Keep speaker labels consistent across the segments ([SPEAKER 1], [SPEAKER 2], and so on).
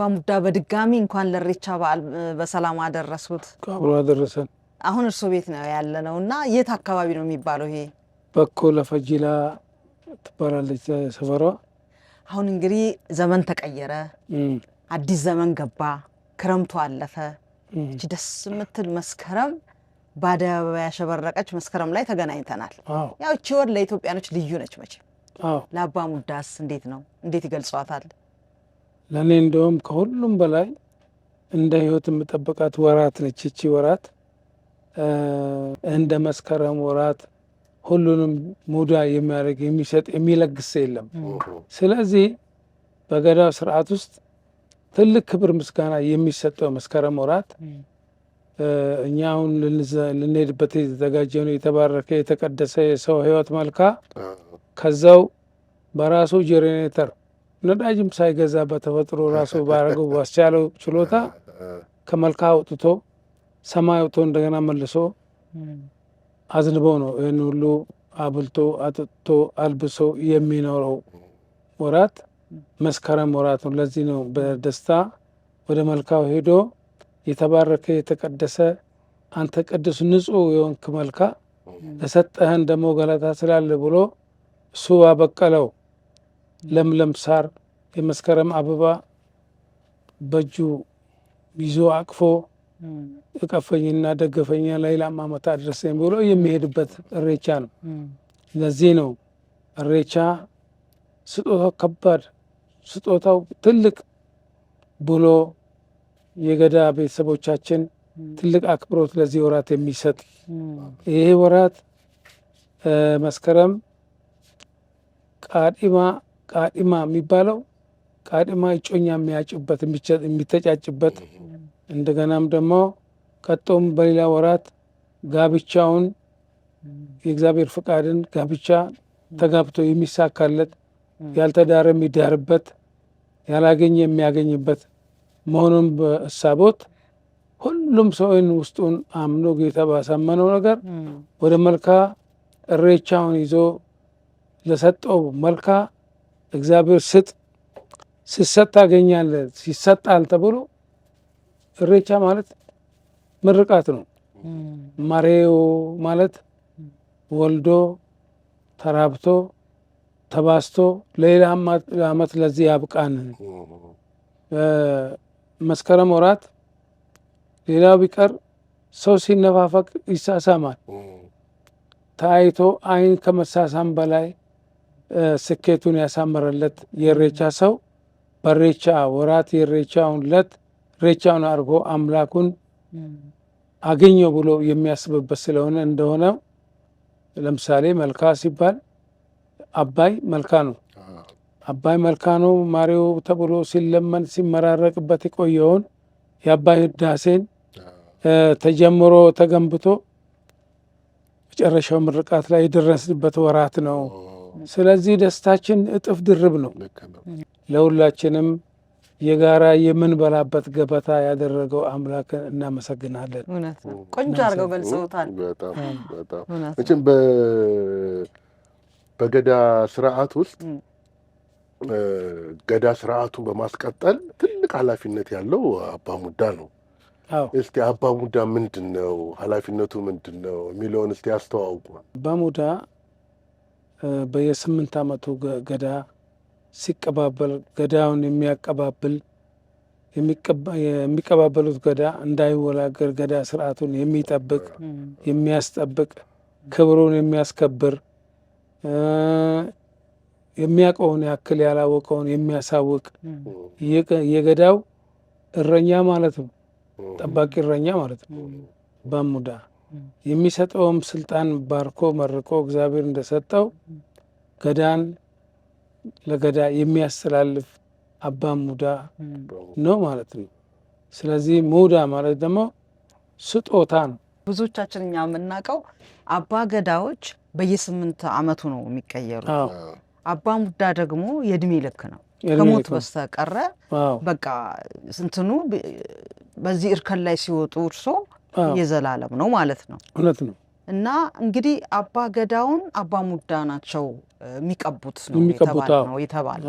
[SPEAKER 1] ባሙዳ በድጋሚ እንኳን ለሬቻ በዓል በሰላም አደረሱት።
[SPEAKER 2] አብሮ አደረሰን።
[SPEAKER 1] አሁን እርሶ ቤት ነው ያለ ነው እና የት አካባቢ ነው የሚባለው? ይሄ
[SPEAKER 2] በኮ ለፈጂላ ትባላለች ሰፈሯ።
[SPEAKER 1] አሁን እንግዲህ ዘመን ተቀየረ፣ አዲስ ዘመን ገባ፣ ክረምቱ አለፈ። እች ደስ የምትል መስከረም በአደባባይ ያሸበረቀች መስከረም ላይ ተገናኝተናል። ያው እቺ ወር ለኢትዮጵያኖች ልዩ ነች መቼ። ለአባ ሙዳስ እንዴት ነው እንዴት ይገልጿታል?
[SPEAKER 2] ለእኔ እንደውም ከሁሉም በላይ እንደ ህይወት የምጠብቃት ወራት ነች ይቺ ወራት። እንደ መስከረም ወራት ሁሉንም ሙዳ የሚያደርግ የሚሰጥ የሚለግስ የለም። ስለዚህ በገዳው ስርዓት ውስጥ ትልቅ ክብር ምስጋና የሚሰጠው መስከረም ወራት እኛ አሁን ልንሄድበት የተዘጋጀ ነው። የተባረከ የተቀደሰ የሰው ህይወት መልካ ከዛው በራሱ ጄኔሬተር ነዳጅም ሳይገዛ በተፈጥሮ ራሱ ባረገው ባስቻለው ችሎታ ከመልካ አውጥቶ ሰማይ አውጥቶ እንደገና መልሶ አዝንበው ነው ይህን ሁሉ አብልቶ አጥጥቶ አልብሶ የሚኖረው ወራት መስከረም ወራት ነው። ለዚህ ነው በደስታ ወደ መልካው ሄዶ የተባረከ የተቀደሰ አንተ ቅዱስ ንጹሕ የሆንክ መልካ ለሰጠህን ደግሞ ገለታ ስላለ ብሎ እሱ አበቀለው። ለምለም ሳር የመስከረም አበባ በእጁ ይዞ አቅፎ እቀፈኝና ደገፈኛ ላይ ለአማመታ አድረሰኝ ብሎ የሚሄድበት እሬቻ ነው። ለዚህ ነው እሬቻ ስጦታው ከባድ ስጦታው ትልቅ ብሎ የገዳ ቤተሰቦቻችን ትልቅ አክብሮት ለዚህ ወራት የሚሰጥ ይሄ ወራት መስከረም ቃዲማ ቃጢማ የሚባለው ቃጢማ እጮኛ የሚያጭበት የሚተጫጭበት፣ እንደገናም ደግሞ ቀጦም በሌላ ወራት ጋብቻውን የእግዚአብሔር ፍቃድን ጋብቻ ተጋብቶ የሚሳካለት ያልተዳረ የሚዳርበት ያላገኘ የሚያገኝበት መሆኑን በእሳቦት ሁሉም ሰውን ውስጡን አምኖ ጌታ ባሳመነው ነገር ወደ መልካ እሬቻውን ይዞ ለሰጠው መልካ እግዚአብሔር ስጥ፣ ሲሰጥ ታገኛለህ፣ ይሰጣል ተብሎ እሬቻ ማለት ምርቃት ነው። ማሬዮ ማለት ወልዶ ተራብቶ ተባስቶ ለሌላ ዓመት ለዚህ ያብቃን። መስከረም ወራት ሌላው ቢቀር ሰው ሲነፋፈቅ ይሳሳማል። ታይቶ አይን ከመሳሳም በላይ ስኬቱን ያሳመረለት የሬቻ ሰው በሬቻ ወራት የእሬቻውን ዕለት ሬቻውን አድርጎ አምላኩን አገኘው ብሎ የሚያስብበት ስለሆነ እንደሆነ ለምሳሌ መልካ ሲባል አባይ መልካ ነው። አባይ መልካ ነው ማሪው ተብሎ ሲለመን ሲመራረቅበት የቆየውን የአባይ ህዳሴን ተጀምሮ ተገንብቶ መጨረሻው ምርቃት ላይ የደረስበት ወራት ነው። ስለዚህ ደስታችን እጥፍ ድርብ ነው። ለሁላችንም የጋራ የምንበላበት ገበታ ያደረገው አምላክን እናመሰግናለን።
[SPEAKER 1] ቆንጆ አድርገው ገልጸውታል።
[SPEAKER 2] በገዳ ስርዓት ውስጥ ገዳ ስርዓቱን በማስቀጠል ትልቅ ኃላፊነት ያለው አባ ሙዳ ነው። እስቲ አባ ሙዳ ምንድን ነው ኃላፊነቱ ምንድን ነው የሚለውን እስቲ አስተዋውቁ። አባ ሙዳ በየስምንት ዓመቱ ገዳ ሲቀባበል ገዳውን የሚያቀባብል የሚቀባበሉት ገዳ እንዳይወላገር ገዳ ስርዓቱን የሚጠብቅ የሚያስጠብቅ ክብሩን የሚያስከብር የሚያውቀውን ያክል ያላወቀውን የሚያሳውቅ የገዳው እረኛ ማለት ነው። ጠባቂ እረኛ ማለት ነው። ባሙዳ የሚሰጠውም ስልጣን ባርኮ መርቆ እግዚአብሔር እንደሰጠው ገዳን ለገዳ የሚያስተላልፍ አባ ሙዳ ነው ማለት ነው። ስለዚህ ሙዳ ማለት ደግሞ ስጦታ ነው።
[SPEAKER 1] ብዙዎቻችን እኛ የምናውቀው አባ ገዳዎች በየስምንት ዓመቱ ነው የሚቀየሩ። አባ ሙዳ ደግሞ የእድሜ ልክ ነው ከሞት በስተቀረ በቃ ስንትኑ በዚህ እርከን ላይ ሲወጡ እርሶ የዘላለም ነው ማለት ነው። እውነት ነው። እና እንግዲህ አባ ገዳውን አባ ሙዳ ናቸው የሚቀቡት ነው የተባለ።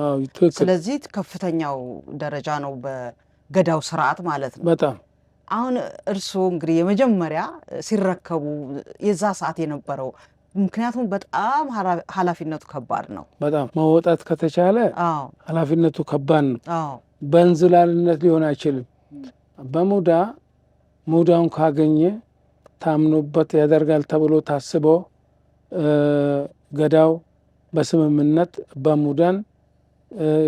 [SPEAKER 1] ስለዚህ ከፍተኛው ደረጃ ነው በገዳው ስርዓት ማለት ነው። በጣም አሁን እርስዎ እንግዲህ የመጀመሪያ ሲረከቡ የዛ ሰዓት የነበረው ምክንያቱም በጣም ኃላፊነቱ ከባድ ነው።
[SPEAKER 2] በጣም መወጣት ከተቻለ ኃላፊነቱ ከባድ ነው። በእንዝላልነት ሊሆን አይችልም። በሙዳ ሙዳውን ካገኘ ታምኖበት ያደርጋል ተብሎ ታስቦ ገዳው በስምምነት በሙዳን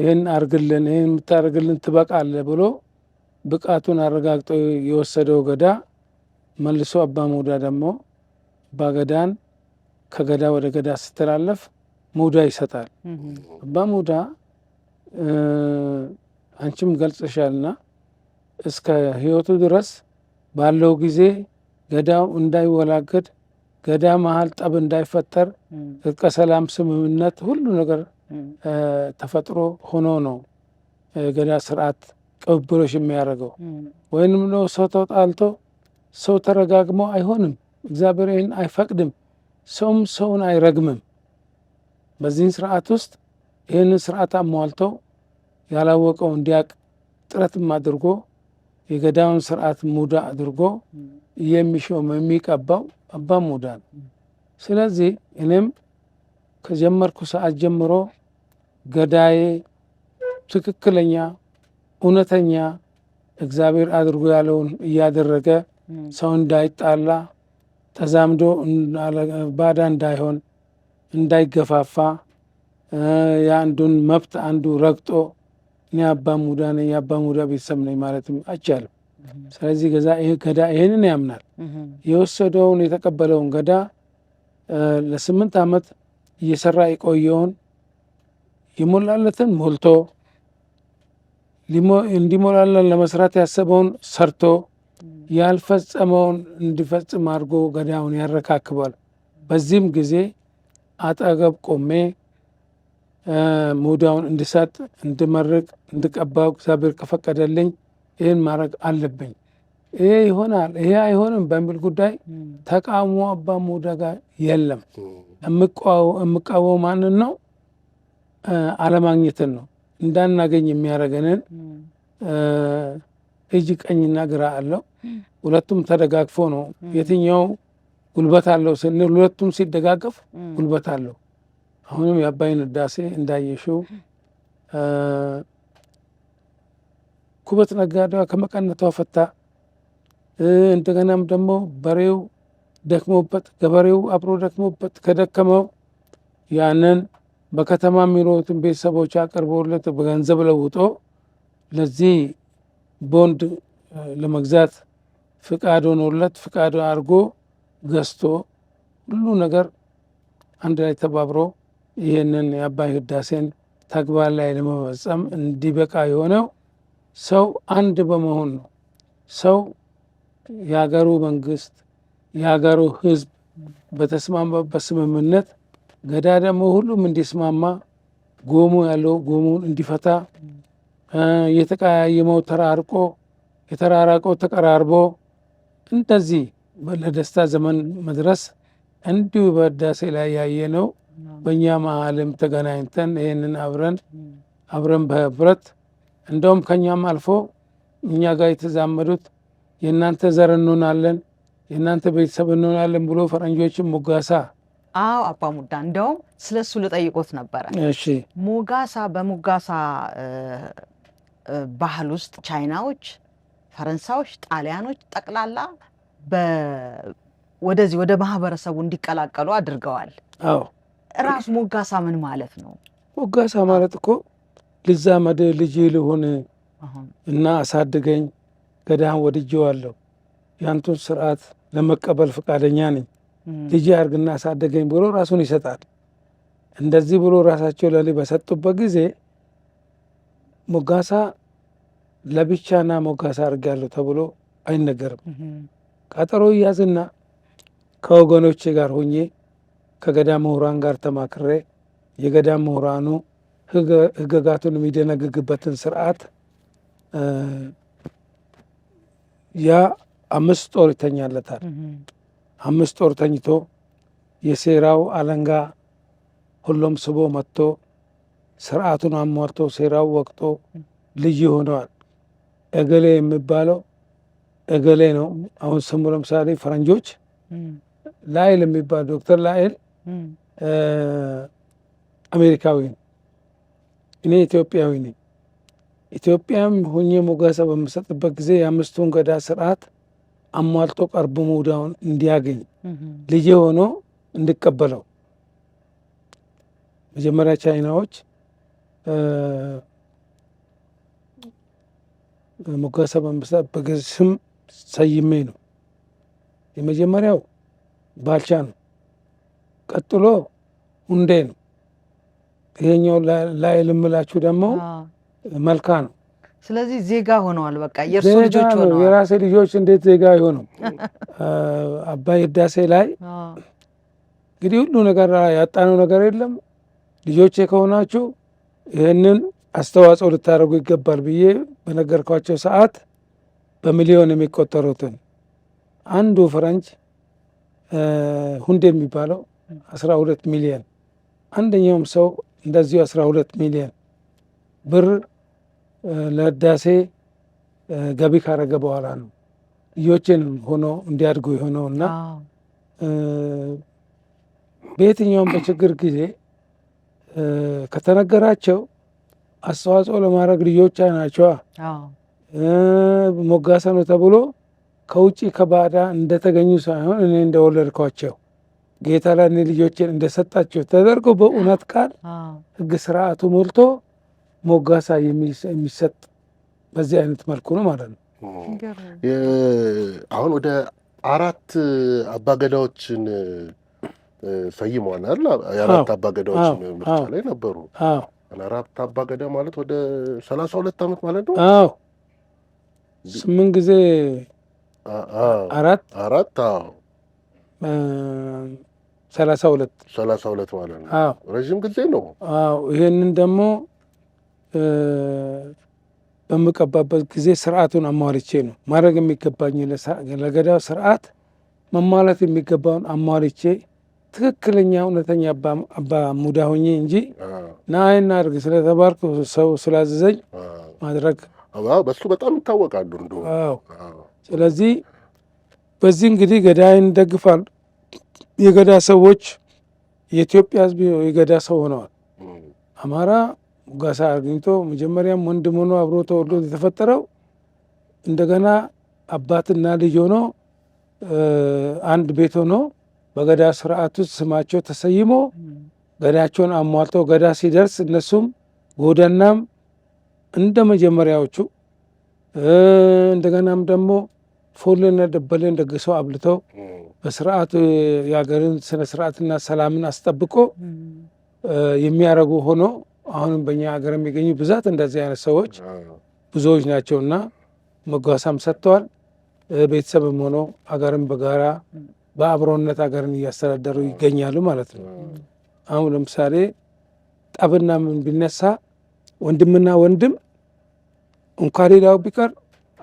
[SPEAKER 2] ይህን አርግልን ይህን የምታደርግልን ትበቃለ ብሎ ብቃቱን አረጋግጦ የወሰደው ገዳ መልሶ አባ ሙዳ ደግሞ አባ ከገዳ ወደ ገዳ ስተላለፍ ሙዳ ይሰጣል። አባ ሙዳ አንቺም ገልጽሻልና እስከ ህይወቱ ድረስ ባለው ጊዜ ገዳው እንዳይወላገድ፣ ገዳ መሀል ጠብ እንዳይፈጠር፣ እርቀ ሰላም፣ ስምምነት ሁሉ ነገር ተፈጥሮ ሆኖ ነው ገዳ ስርዓት ቅብብሎች የሚያደርገው። ወይንም ነው ሰው ተጣልቶ ሰው ተረጋግሞ አይሆንም። እግዚአብሔር ይህን አይፈቅድም። ሰውም ሰውን አይረግምም። በዚህን ስርዓት ውስጥ ይህንን ስርዓት አሟልተው ያላወቀው እንዲያቅ ጥረትም አድርጎ የገዳውን ስርዓት ሙዳ አድርጎ የሚሾም የሚቀባው አባ ሙዳ ነው። ስለዚህ እኔም ከጀመርኩ ሰዓት ጀምሮ ገዳዬ ትክክለኛ እውነተኛ እግዚአብሔር አድርጎ ያለውን እያደረገ ሰው እንዳይጣላ ተዛምዶ ባዳ እንዳይሆን እንዳይገፋፋ የአንዱን መብት አንዱ ረግጦ እኔ አባ ሙዳ ነኝ የአባ ሙዳ ቤተሰብ ነኝ ማለትም አይቻልም። ስለዚህ ገዛ ይህ ገዳ ይህንን ያምናል። የወሰደውን የተቀበለውን ገዳ ለስምንት ዓመት እየሰራ የቆየውን የሞላለትን ሞልቶ እንዲሞላለን ለመስራት ያሰበውን ሰርቶ ያልፈጸመውን እንዲፈጽም አድርጎ ገዳውን ያረካክባል። በዚህም ጊዜ አጠገብ ቆሜ ሙዳውን እንድሰጥ፣ እንድመርቅ፣ እንድቀባው እግዚአብሔር ከፈቀደልኝ ይህን ማድረግ አለብኝ። ይሄ ይሆናል ይሄ አይሆንም በሚል ጉዳይ ተቃውሞ አባ ሙዳ ጋር የለም። የምቃወመው ማንን ነው? አለማግኘትን ነው። እንዳናገኝ የሚያደርገንን እጅ ቀኝና ግራ አለው። ሁለቱም ተደጋግፎ ነው። የትኛው ጉልበት አለው ስንል ሁለቱም ሲደጋገፍ ጉልበት አለው። አሁንም የአባይን ህዳሴ እንዳየሽው ኩበት ነጋዴዋ ከመቀነቷ ፈታ። እንደገናም ደግሞ በሬው ደክሞበት ገበሬው አብሮ ደክሞበት ከደከመው ያንን በከተማ የሚኖሩትን ቤተሰቦች አቅርቦለት በገንዘብ ለውጦ ለዚህ ቦንድ ለመግዛት ፍቃድ ሆኖለት ፍቃድ አድርጎ ገዝቶ ሁሉ ነገር አንድ ላይ ተባብሮ ይህንን የአባይ ህዳሴን ተግባር ላይ ለመፈጸም እንዲበቃ የሆነው ሰው አንድ በመሆን ነው። ሰው የሀገሩ መንግስት፣ የሀገሩ ህዝብ በተስማማበት ስምምነት ገዳ ደግሞ ሁሉም እንዲስማማ ጎሙ ያለው ጎሙን እንዲፈታ የተቀያየመው ተራርቆ የተራራቀው ተቀራርቦ እንደዚህ ለደስታ ዘመን መድረስ እንዲሁ በህዳሴ ላይ ያየነው በእኛ መሀልም ተገናኝተን ይህንን አብረን አብረን በህብረት እንደውም ከእኛም አልፎ እኛ ጋር የተዛመዱት የእናንተ ዘር እንሆናለን የእናንተ ቤተሰብ እንሆናለን ብሎ ፈረንጆችን ሞጋሳ
[SPEAKER 1] አዎ አባ ሙዳ እንደውም ስለ እሱ ልጠይቆት ነበረ። እሺ ሞጋሳ በሞጋሳ ባህል ውስጥ ቻይናዎች፣ ፈረንሳዮች፣ ጣሊያኖች ጠቅላላ ወደዚህ ወደ ማህበረሰቡ እንዲቀላቀሉ አድርገዋል። አዎ ራሱ ሞጋሳ ምን ማለት ነው?
[SPEAKER 2] ሞጋሳ ማለት እኮ ልዛመድ ልጅ ልሆን እና አሳድገኝ ገዳህን ወድጄዋለሁ ያንቱን ስርዓት ለመቀበል ፈቃደኛ ነኝ ልጅ አድርግና አሳደገኝ ብሎ ራሱን ይሰጣል። እንደዚህ ብሎ ራሳቸው ለሊ በሰጡበት ጊዜ ሞጋሳ ለብቻና ሞጋሳ አድርጋለሁ ተብሎ አይነገርም። ቀጠሮ እያዝና ከወገኖቼ ጋር ሆኜ ከገዳ ምሁራን ጋር ተማክሬ የገዳ ምሁራኑ ህገጋቱን የሚደነግግበትን ስርዓት ያ አምስት ጦር ይተኛለታል። አምስት ጦር ተኝቶ የሴራው አለንጋ ሁሉም ስቦ መጥቶ ስርዓቱን አሟልቶ ሴራው ወቅቶ ልዩ ሆነዋል። እገሌ የሚባለው እገሌ ነው። አሁን ስሙ ለምሳሌ ፈረንጆች ላይል የሚባል ዶክተር ላይል አሜሪካዊ ነው፣ እኔ ኢትዮጵያዊ ነኝ። ኢትዮጵያም ሆኜ ሞገሳ በምሰጥበት ጊዜ የአምስቱን ገዳ ስርዓት አሟልቶ ቀርቦ መውዳውን እንዲያገኝ ልጄ ሆኖ እንድቀበለው መጀመሪያ ቻይናዎች ሞገሳ በምሰጥበት ጊዜ ስም ሰይሜ ነው። የመጀመሪያው ባልቻ ነው። ቀጥሎ ሁንዴ ነው። ይሄኛው ላይ ልምላችሁ ደግሞ መልካ ነው።
[SPEAKER 1] ስለዚህ ዜጋ ሆነዋል። በቃ የእርሱ ልጆች ሆነዋል።
[SPEAKER 2] የራሴ ልጆች እንዴት ዜጋ አይሆኑም? አባይ ህዳሴ ላይ እንግዲህ ሁሉ ነገር ያጣነው ነገር የለም። ልጆቼ ከሆናችሁ ይህንን አስተዋጽኦ ልታደርጉ ይገባል ብዬ በነገርኳቸው ሰዓት በሚሊዮን የሚቆጠሩትን አንዱ ፈረንጅ ሁንዴ የሚባለው አስራ ሁለት ሚሊዮን አንደኛውም ሰው እንደዚሁ አስራ ሁለት ሚሊዮን ብር ለህዳሴ ገቢ ካረገ በኋላ ነው ልጆችን ሆኖ እንዲያድጉ የሆነው እና በየትኛውም በችግር ጊዜ ከተነገራቸው አስተዋጽኦ ለማድረግ ልጆቻ ናቸዋ ሞጋሰ ነው ተብሎ ከውጭ ከባዳ እንደተገኙ ሳይሆን እኔ እንደወለድኳቸው ጌታ ለእኔ ልጆችን እንደሰጣቸው ተደርጎ በእውነት ቃል ህግ ስርዓቱ ሞልቶ ሞጋሳ የሚሰጥ በዚህ አይነት መልኩ ነው ማለት ነው። አሁን ወደ አራት አባገዳዎችን ሰይመናል። የአራት አባገዳዎች ምርጫ ላይ ነበሩ። አራት አባገዳ ማለት ወደ ሰላሳ ሁለት ዓመት ማለት ነው። አዎ ስምንት ጊዜ አራት አራት አዎ ሰላሳ ሁለት ሰላሳ ሁለት ማለት ነው። ረዥም ጊዜ ነው። አዎ ይሄንን ደግሞ በምቀባበት ጊዜ ስርዓቱን አሟልቼ ነው ማድረግ የሚገባኝ ለገዳው ስርዓት መሟላት የሚገባውን አሟልቼ ትክክለኛ እውነተኛ አባ ሙዳ ሆኜ እንጂ ናይ እናድርግ ስለተባርክ ሰው ስላዘዘኝ ማድረግ በሱ በጣም ይታወቃሉ። እንደው ስለዚህ በዚህ እንግዲህ ገዳይን ደግፋል የገዳ ሰዎች የኢትዮጵያ ህዝብ የገዳ ሰው ሆነዋል። አማራ ሙጋሳ አግኝቶ መጀመሪያም ወንድም ሆኖ አብሮ ተወልዶ የተፈጠረው እንደገና አባትና ልጅ ሆኖ አንድ ቤት ሆኖ በገዳ ስርዓት ውስጥ ስማቸው ተሰይሞ ገዳቸውን አሟልተው ገዳ ሲደርስ እነሱም ጎዳናም እንደ መጀመሪያዎቹ እንደገናም ደግሞ ፎልና ደበሌን ደግሰው አብልተው በስርዓት የሀገርን ስነ ስርዓትና ሰላምን አስጠብቆ የሚያደርጉ ሆኖ አሁንም በእኛ ሀገር የሚገኙ ብዛት እንደዚህ አይነት ሰዎች ብዙዎች ናቸውና መጓሳም ሰጥተዋል። ቤተሰብም ሆኖ ሀገርን በጋራ በአብሮነት ሀገርን እያስተዳደሩ ይገኛሉ ማለት ነው። አሁን ለምሳሌ ጠብና ምን ቢነሳ ወንድምና ወንድም እንኳ ሌላው ቢቀር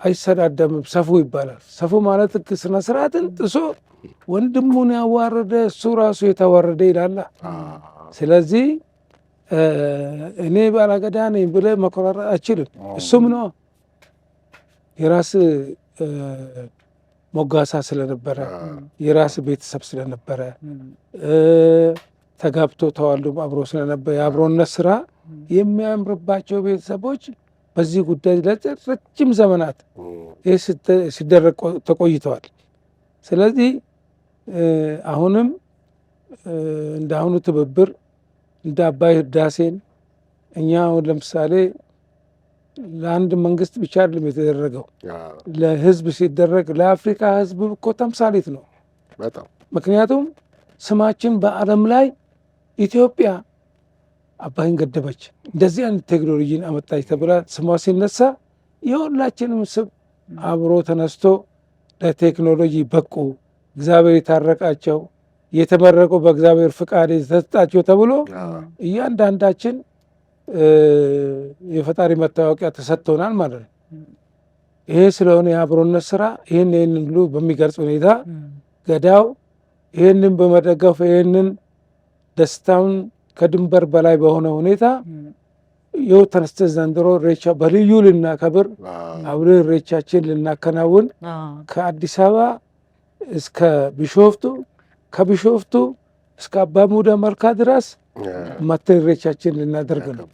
[SPEAKER 2] አይሰዳደምም። ሰፉ ይባላል። ሰፉ ማለት ስነ ስርዓትን ጥሶ ወንድሙን ያዋረደ እሱ ራሱ የተዋረደ ይላላ። ስለዚህ እኔ ባላገዳ ነኝ ብለ መኮራረ አይችልም። እሱም ነው የራስ ሞጋሳ ስለነበረ የራስ ቤተሰብ ስለነበረ ተጋብቶ ተዋልዶ አብሮ ስለነበረ የአብሮነት ስራ የሚያምርባቸው ቤተሰቦች በዚህ ጉዳይ ለረጅም ዘመናት ሲደረግ ተቆይተዋል። ስለዚህ አሁንም እንደ አሁኑ ትብብር እንደ አባይ ህዳሴን እኛ አሁን ለምሳሌ ለአንድ መንግስት ብቻ አይደለም የተደረገው፣ ለህዝብ ሲደረግ ለአፍሪካ ህዝብ እኮ ተምሳሌት ነው። ምክንያቱም ስማችን በዓለም ላይ ኢትዮጵያ አባይን ገደበች። እንደዚህ አይነት ቴክኖሎጂን አመጣች ተብላ ስሟ ሲነሳ የሁላችንም ስም አብሮ ተነስቶ ለቴክኖሎጂ በቁ፣ እግዚአብሔር የታረቃቸው የተመረቁ፣ በእግዚአብሔር ፍቃድ የተሰጣቸው ተብሎ እያንዳንዳችን የፈጣሪ መታወቂያ ተሰጥቶናል ማለት ነው። ይሄ ስለሆነ የአብሮነት ስራ ይህን ይህንን ብሎ በሚገልጽ ሁኔታ ገዳው ይህንን በመደገፍ ይህንን ደስታውን ከድንበር በላይ በሆነ ሁኔታ የተነስተ ዘንድሮ ሬቻ በልዩ ልናከብር አብረን ሬቻችን ልናከናውን ከአዲስ አበባ እስከ ቢሾፍቱ ከቢሾፍቱ እስከ አባ መልካ ድረስ መተን ሬቻችን ልናደርግ ነው።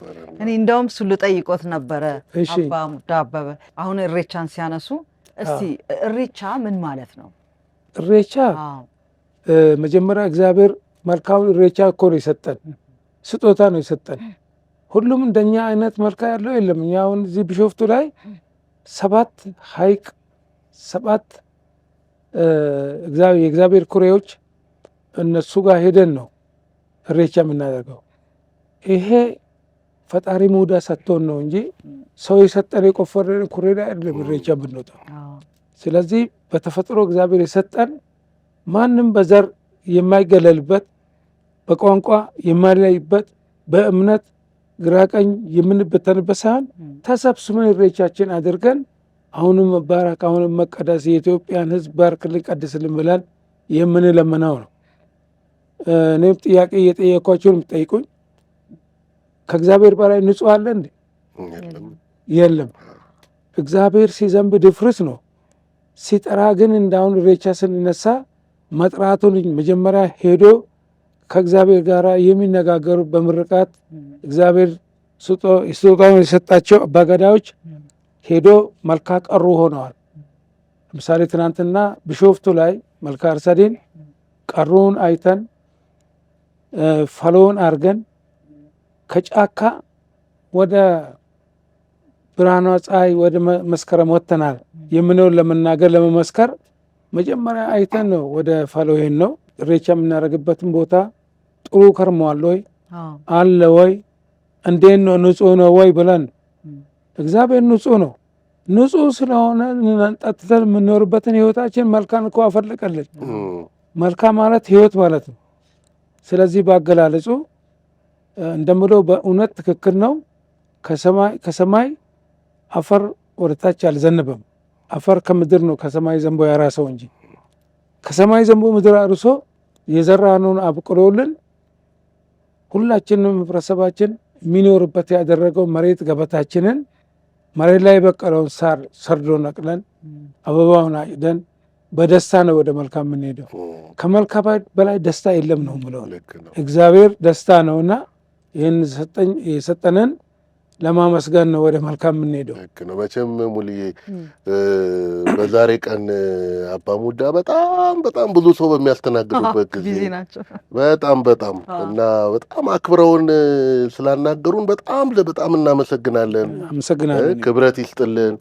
[SPEAKER 1] እኔ እንደውም ሱሉ ጠይቆት ነበረ አባ አበበ። አሁን እሬቻን ሲያነሱ እስቲ እሬቻ ምን ማለት ነው?
[SPEAKER 2] እሬቻ መጀመሪያ እግዚአብሔር መልካም እሬቻ እኮ ነው የሰጠን ስጦታ ነው የሰጠን። ሁሉም እንደኛ አይነት መልካ ያለው የለም። እኛ አሁን እዚህ ቢሾፍቱ ላይ ሰባት ሀይቅ ሰባት የእግዚአብሔር ኩሬዎች እነሱ ጋር ሄደን ነው እሬቻ የምናደርገው። ይሄ ፈጣሪ ሙዳ ሰጥቶን ነው እንጂ ሰው የሰጠን የቆፈረን ኩሬ ላይ አይደለም እሬቻ ብንወጣው። ስለዚህ በተፈጥሮ እግዚአብሔር የሰጠን ማንም በዘር የማይገለልበት በቋንቋ የማንለይበት በእምነት ግራቀኝ የምንበተንበት ሳይሆን ተሰብስበን ኢሬቻችን አድርገን አሁንም መባረክ አሁንም መቀደስ የኢትዮጵያን ሕዝብ ባርክልን ቀድስልን ብለን የምንለምነው ነው። እኔም ጥያቄ እየጠየኳቸውን የምጠይቁኝ ከእግዚአብሔር በላይ ንጹሕ አለ እንዴ? የለም። እግዚአብሔር ሲዘንብ ድፍርስ ነው። ሲጠራ ግን እንዳሁን ኢሬቻ ስንነሳ መጥራቱን መጀመሪያ ሄዶ ከእግዚአብሔር ጋር የሚነጋገሩ በምርቃት እግዚአብሔር ስጦታውን የሰጣቸው በገዳዎች ሄዶ መልካ ቀሩ ሆነዋል። ለምሳሌ ትናንትና ቢሾፍቱ ላይ መልካ አርሰዴን ቀሩን አይተን ፈሎውን አርገን ከጫካ ወደ ብርሃኗ ፀሐይ ወደ መስከረም ወጥተናል። የምነውን ለመናገር ለመመስከር መጀመሪያ አይተን ነው ወደ ፈሎሄን ነው ሬቻ የምናደርግበትን ቦታ ጥሩ ከርመዋል ወይ አለ ወይ እንዴ ነው ንጹህ ነው ወይ ብለን እግዚአብሔር ንጹህ ነው። ንጹህ ስለሆነ ጠጥተን የምንኖርበትን ህይወታችን መልካም እኮ አፈለቀልን። መልካም ማለት ህይወት ማለት ነው። ስለዚህ በአገላለጹ እንደምለው በእውነት ትክክል ነው። ከሰማይ አፈር ወደታች አልዘንበም አፈር ከምድር ነው ከሰማይ ዘንቦ ያራሰው እንጂ ከሰማይ ዘንቦ ምድር አርሶ የዘራነውን አብቅሎልን ሁላችንም ህብረተሰባችን የሚኖርበት ያደረገው መሬት ገበታችንን መሬት ላይ የበቀለውን ሳር ሰርዶ ነቅለን አበባውን አጭደን በደስታ ነው ወደ መልካም የምንሄደው። ከመልካም በላይ ደስታ የለም ነው ምለው። እግዚአብሔር ደስታ ነውና ይህን የሰጠንን ለማመስገን ነው ወደ መልካም የምንሄደው። ልክ ነው። መቼም ሙልዬ በዛሬ ቀን አባ ሙዳ በጣም በጣም ብዙ ሰው በሚያስተናግዱበት ጊዜ በጣም በጣም እና በጣም አክብረውን ስላናገሩን በጣም በጣም እናመሰግናለን። አመሰግናለን። ክብረት ይስጥልን።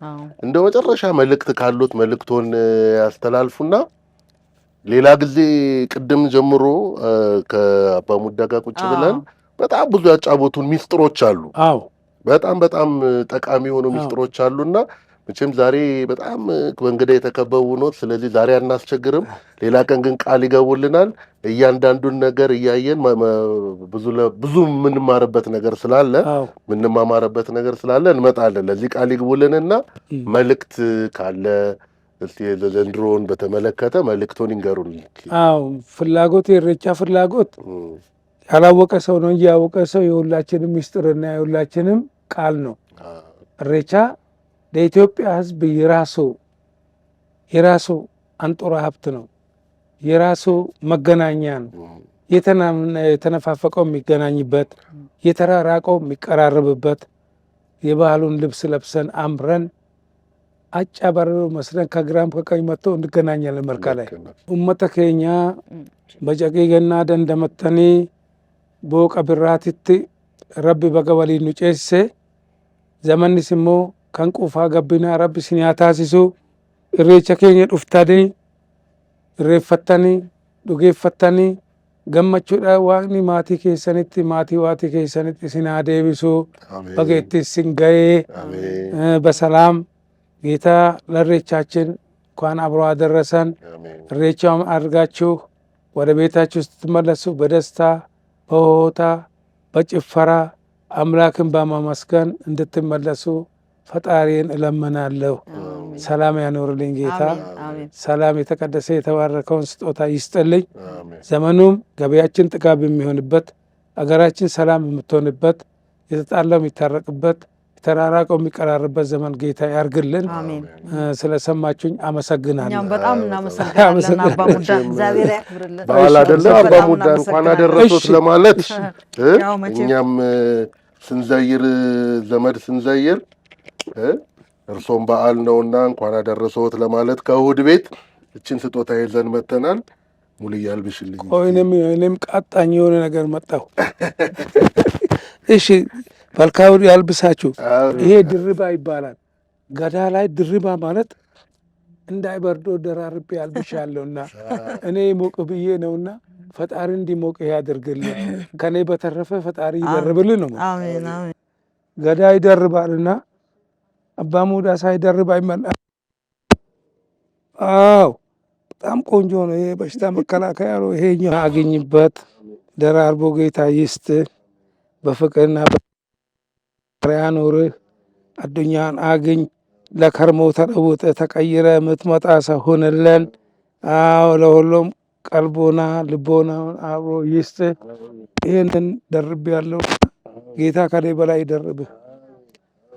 [SPEAKER 2] እንደ መጨረሻ መልእክት ካሉት መልእክቶን ያስተላልፉና ሌላ ጊዜ ቅድም ጀምሮ ከአባ ሙዳ ጋር ቁጭ ብለን በጣም ብዙ ያጫወቱን ሚስጥሮች አሉ። አዎ በጣም በጣም ጠቃሚ የሆኑ ሚስጥሮች አሉና መቼም ዛሬ በጣም በእንግዳ የተከበቡ ኖት። ስለዚህ ዛሬ አናስቸግርም። ሌላ ቀን ግን ቃል ይገቡልናል። እያንዳንዱን ነገር እያየን ብዙ የምንማርበት ነገር ስላለ የምንማማርበት ነገር ስላለ እንመጣለን። ለዚህ ቃል ይግቡልንና መልእክት ካለ ዘንድሮን በተመለከተ መልእክቶን ይንገሩን። አዎ ፍላጎት የእሬቻ ፍላጎት ያላወቀ ሰው ነው እንጂ ያወቀ ሰው የሁላችንም ሚስጥርና የሁላችንም ቃል ነው። እሬቻ ለኢትዮጵያ ሕዝብ የራሱ የራሱ አንጡራ ሀብት ነው። የራሱ መገናኛ ነው። የተነፋፈቀው የሚገናኝበት፣ የተራራቀው የሚቀራረብበት፣ የባህሉን ልብስ ለብሰን አምረን አጫባረሩ መስለን ከግራም ከቀኝ መጥቶ እንገናኛለን። መልካ ላይ ኡመተ ኬኛ በጨቂ ገና ደንደመተኒ ቦቀ ረቢ በገ ወሊን zamannis immoo kan quufaa gabbinaa rabbi isin haa taasisu irreecha keenya dhuftanii irreeffattanii dhugeeffattanii gammachuudha waaqni maatii keessanitti maatii waatii keessanitti isin haa deebisu bageetti isin ga'ee በሰላም ጌታ ለሬቻችን እንኳን አብሮ አደረሰን። ሬቻውም አድርጋችሁ ወደ ቤታችሁ ስትመለሱ በደስታ በሆታ በጭፈራ አምላክን በማመስገን እንድትመለሱ ፈጣሪን እለምናለሁ። ሰላም ያኖርልኝ ጌታ። ሰላም የተቀደሰ የተባረከውን ስጦታ ይስጥልኝ። ዘመኑም ገበያችን ጥጋብ የሚሆንበት፣ አገራችን ሰላም የምትሆንበት፣ የተጣላው የሚታረቅበት፣ የተራራቀው የሚቀራርበት ዘመን ጌታ ያርግልን። ስለሰማችሁኝ አመሰግናለሁ።
[SPEAKER 1] በጣም እናመሰግናለን።
[SPEAKER 2] እንኳን አደረሶት ለማለት እኛም ስንዘይር ዘመድ ስንዘይር እርሶም በዓል ነውና እንኳን አደረሰዎት ለማለት ከእሁድ ቤት እችን ስጦታ ይዘን መጥተናል። ሙልዬ አልብሽልኝ። እኔም ቃጣኝ የሆነ ነገር መጣሁ። እሺ ፈልካው ያልብሳችሁ። ይሄ ድርባ ይባላል። ገዳ ላይ ድርባ ማለት እንዳይበርዶ ደራርቤ ያለውና እኔ ሞቅ ብዬ ነውና ፈጣሪ እንዲሞቅ ያደርግልህ። ከኔ በተረፈ ፈጣሪ ይደርብልህ ነው። ገዳ ይደርባልና አባ ሙዳ ሳይደርብ አይመላል። አዎ በጣም ቆንጆ ነው። ይሄ በሽታ መከላከያ ነው። ይሄኛ አገኝበት ደራርቦ ጌታ ይስጥ። በፍቅርና በሪያ ኖር አዱኛን አግኝ። ለከርሞ ተለውጠ ተቀይረ የምትመጣ ሰው ሁንለን። አዎ ለሁሉም ቀልቦና ልቦና አብሮ ይስጥ። ይህንን ደርብ ያለው ጌታ ከኔ በላይ ይደርብህ።